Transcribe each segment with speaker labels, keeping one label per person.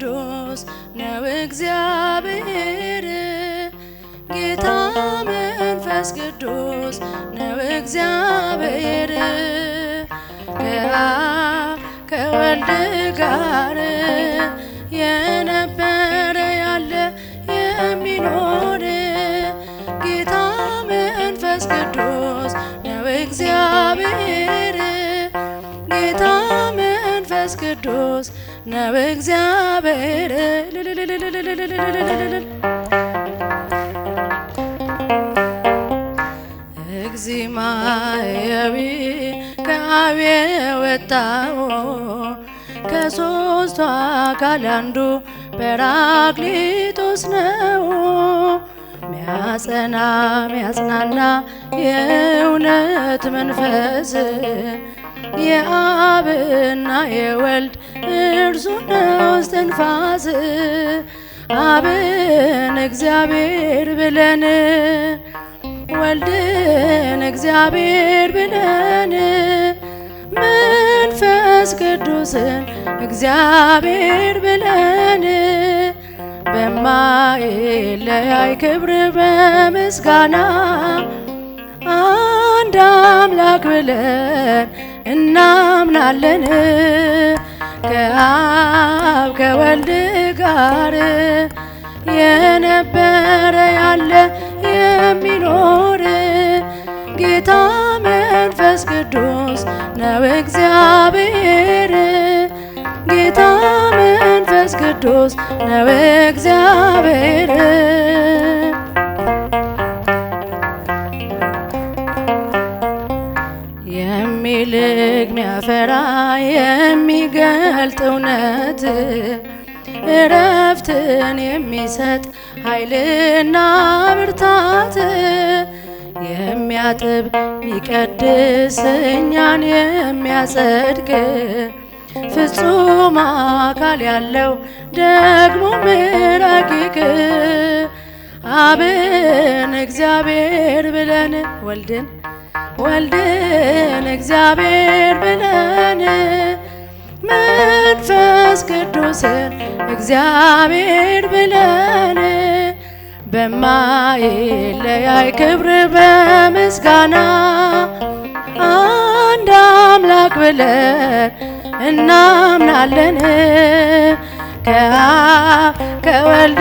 Speaker 1: ቅዱስ ነው እግዚአብሔር ጌታ መንፈስ ቅዱስ ነው እግዚአብሔር ከአብ ከወልድ ጋር የነበረ ያለ የሚኖር ጌታ መንፈስ ቅዱስ ነው እግዚአብሔር ጌታ መንፈስ ቅዱስ ነው እግዚአብሔር እግዚማ የቢ ከአብ የወጣው ከሶስቱ አካል አንዱ ጰራቅሊጦስ ነው። ሚያጸና ሚያጽናና የእውነት መንፈስ የአብና የወልድ እርሱ ነው እስትንፋስ አብን እግዚአብሔር ብለን ወልድን እግዚአብሔር ብለን መንፈስ ቅዱስን እግዚአብሔር ብለን በማይለያይ ክብር በምስጋና አንድ አምላክ ብለን እናምናለን ከአብ ከወልድ ጋር የነበረ ያለ የሚኖር ጌታ መንፈስ ቅዱስ ነው እግዚአብሔር ቅዱስ ነው እግዚአብሔር። የሚልግ ሚያፈራ የሚገልጥ እውነት እረፍትን የሚሰጥ ኃይልና ብርታት የሚያጥብ ሚቀድስ እኛን የሚያጸድቅ ፍጹም አካል ያለው ደግሞ ምራቂቅ አብን እግዚአብሔር ብለን ወልድን ወልድን እግዚአብሔር ብለን መንፈስ ቅዱስን እግዚአብሔር ብለን በማይለያይ ክብር በምስጋና አንድ አምላክ ብለን እናምናለን። ከአብ ከወልድ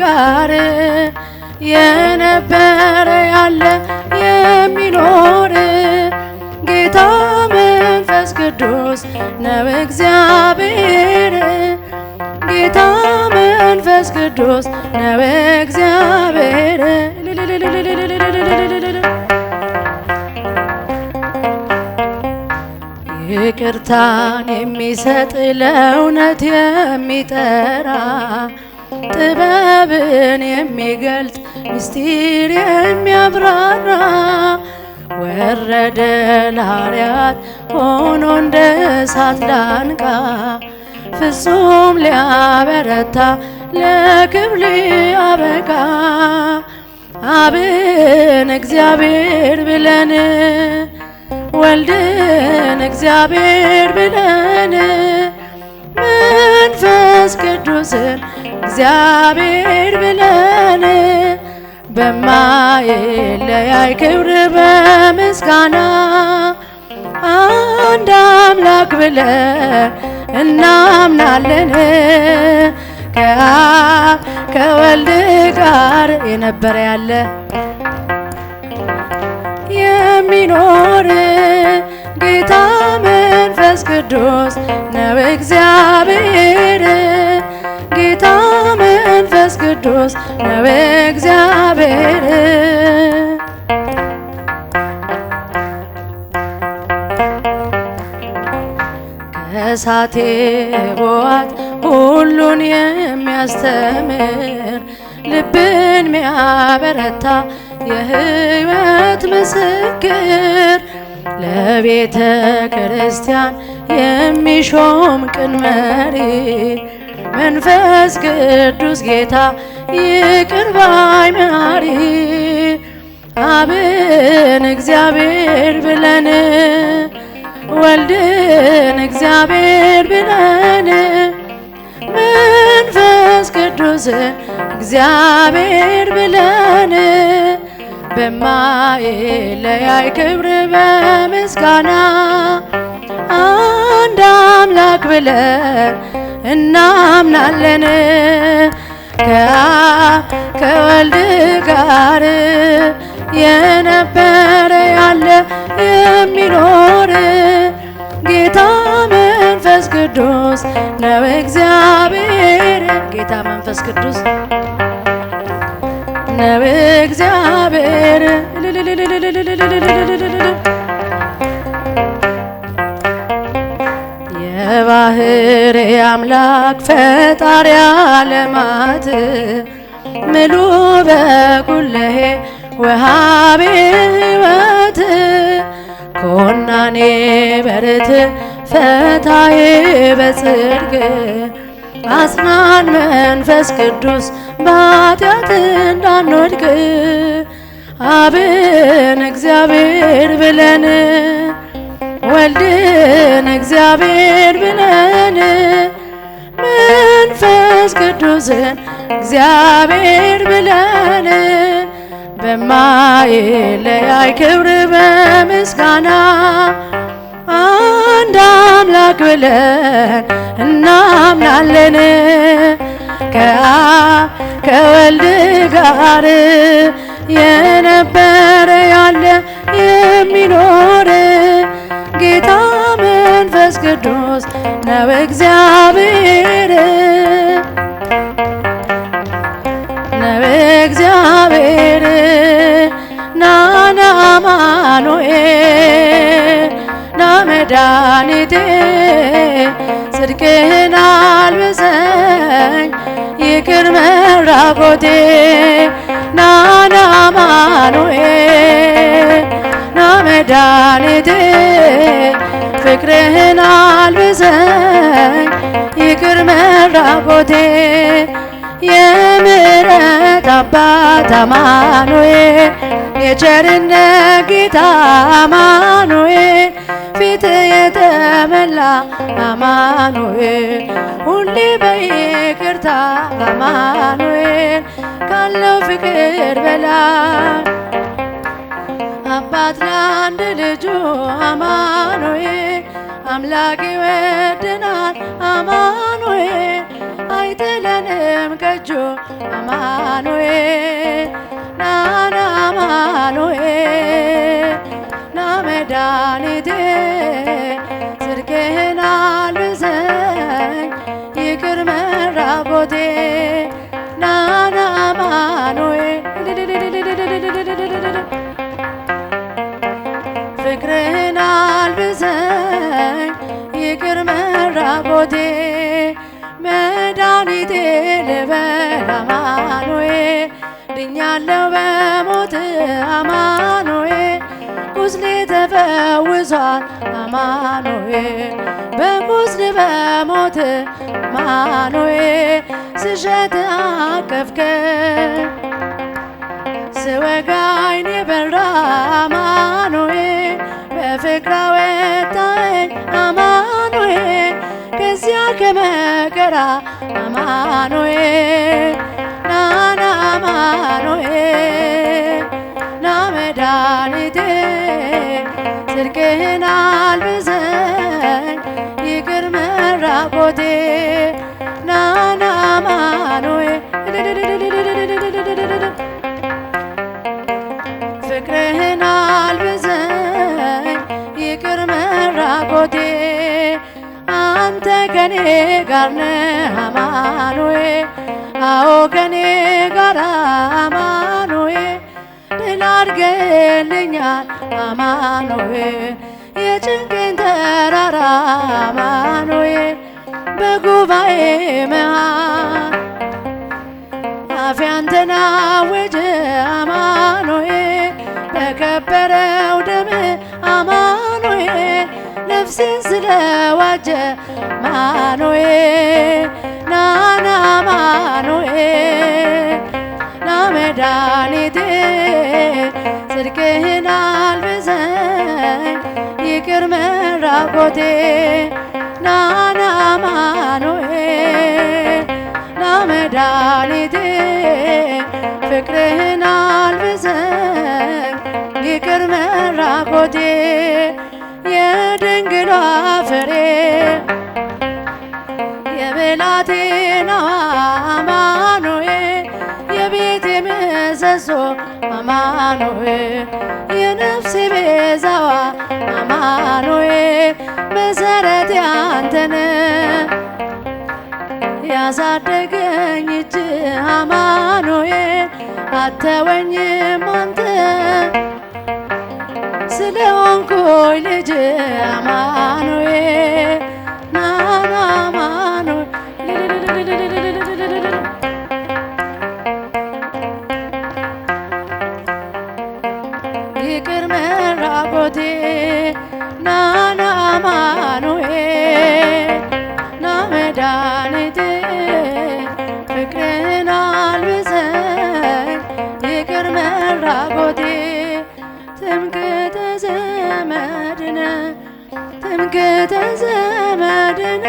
Speaker 1: ጋር የነበረ ያለ የሚኖር ጌታ መንፈስ ቅዱስ ነው እግዚአብሔር ጌታ መንፈስ ቅዱስ ነው እግዚአብሔር ይቅርታን የሚሰጥ ለእውነት የሚጠራ ጥበብን የሚገልጥ ምስጢር የሚያብራራ ወረደ ላርያት ሆኖ እንደ እሳት ላንቃ ፍጹም ሊያበረታ ለክብር አበቃ አብን እግዚአብሔር ብለን ወልድን እግዚአብሔር ብለን መንፈስ ቅዱስን እግዚአብሔር ብለን በማይለያይ ክብር በምስጋና አንድ አምላክ ብለን እናምናለን። ከአብ ከወልድ ጋር የነበረ ያለ የሚኖር ጌታ መንፈስ ቅዱስ ነው እግዚአብሔር ጌታ መንፈስ ቅዱስ ነው እግዚአብሔር ከእሳቴ ቦዋት ሁሉን የሚያስተምር ልብን ሚያበረታ የህይወት ምስክር ለቤተ ክርስቲያን የሚሾም ቅን መሪ መንፈስ ቅዱስ ጌታ ይቅር ባይ መሐሪ አብን እግዚአብሔር ብለን ወልድን እግዚአብሔር ብለን መንፈስ ቅዱስን እግዚአብሔር ብለን በማይለያይ ክብር በምስጋና አንድ አምላክ ብለን እናምናለን ከአብ ከወልድ ጋር የነበረ ያለ የሚኖር ጌታ መንፈስ ቅዱስ ነው እግዚአብሔር ጌታ መንፈስ ቅዱስ ነው እግዚአብሔር የባህር አምላክ ፈጣሪ ዓለማት ምሉ በኩለሄ ወሃቤ ሕይወት ኮናኔ በርት ፈታዬ በጽድቅ አጽናን መንፈስ ቅዱስ በኃጢአት እንዳንወድቅ አብን እግዚአብሔር ብለን ወልድን እግዚአብሔር ብለን መንፈስ ቅዱስን እግዚአብሔር ብለን በማይለያይ ክብር በምስጋና አንድ አምላክ ብለን እናምናለን ከአብ ከወልድ ጋር የነበረ ያለ የሚኖር ጌታ መንፈስ ቅዱስ ነው እግዚአብሔር ነው እግዚአብሔር ናና አማኑኤል መድኃኒቴ ጽድቅህን አልብሰኝ ይቅር መራቆቴ ናና አማኑኤል ና መድኃኒቴ ፍቅርህን አልብሰኝ ይቅር መራቆቴ የምሕረት አባት አማኑኤል የቸርነት ጌታ አማኑኤል በፊት የተመላ አማኑኤል ሁሌ በይቅርታ አማኑኤል ካለው ፍቅር በላይ አባት ለአንድ ልጁ አማኑኤል አምላክ ይወድናል አማኑኤል አይጥለንም ከእጁ አማኑኤል ናና አማኑኤል መድኃኒቴ ጽድቅህን አልብሰኝ ይቅር መራቆቴ ናና አማኑኤል ፍቅርህን አልብሰኝ ይቅር መራቆቴ መድኃኒቴ ልበል አማኑኤል ድኛለው በሞት አማ ይፈውሳል አማኑኤል በቁስል በሞት አማኑኤል ስሸት አቀፍከ ስወጋይን የበራ አማኑኤል በፍቅራ ወጣኝ አማኑኤል ከዚያ ከመከራ አማኑኤል ናና አማኑኤል ናመዳኒቴ ፍቅርህን አልብሰኝ ይቅር መራቆቴ ናና አማኑኤል ፍቅርህን አልብሰኝ ይቅር መራቆቴ አንተ ከኔ ጋር ነህ አማኑኤል አዎ ከኔ ጋር አማኑኤል አድርገልኛል አማኑኤል የጭንቄን ተራራ አማኑኤል በጉባኤ መሃል አፌ አንተን አወጀ አማኑኤል በከበረው ደም አማኑኤል ነፍሴን ስለዋጀ አማኑኤል ናና አማኑኤል መድኃኒቴ ጽድቅህን አልብሰኝ ይቅር መራቆቴ ናና አማኑኤል ና መድኃኒቴ ፍቅርህን አልብሰኝ ይቅር መራቆቴ የድንግሏ ፍሬ የብላቴናዋ ምሰሶ አማኑኤል የነፍሴ ቤዛዋ አማኑኤል መሰረት ያንተነ ያሳደገኝ እጅ አማኑኤል አተወኝም አንተ ስለሆንኩኝ ልጅ አማኑኤል ትምክህተ ዘመድነ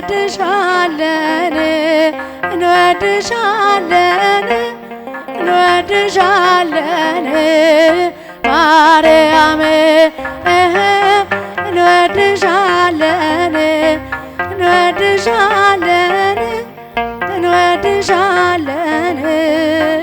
Speaker 1: እንወድሻለን እንወድሻለን እንወድሻለን ማርያም እንወድሻለን እንወድሻለን እንወድሻለን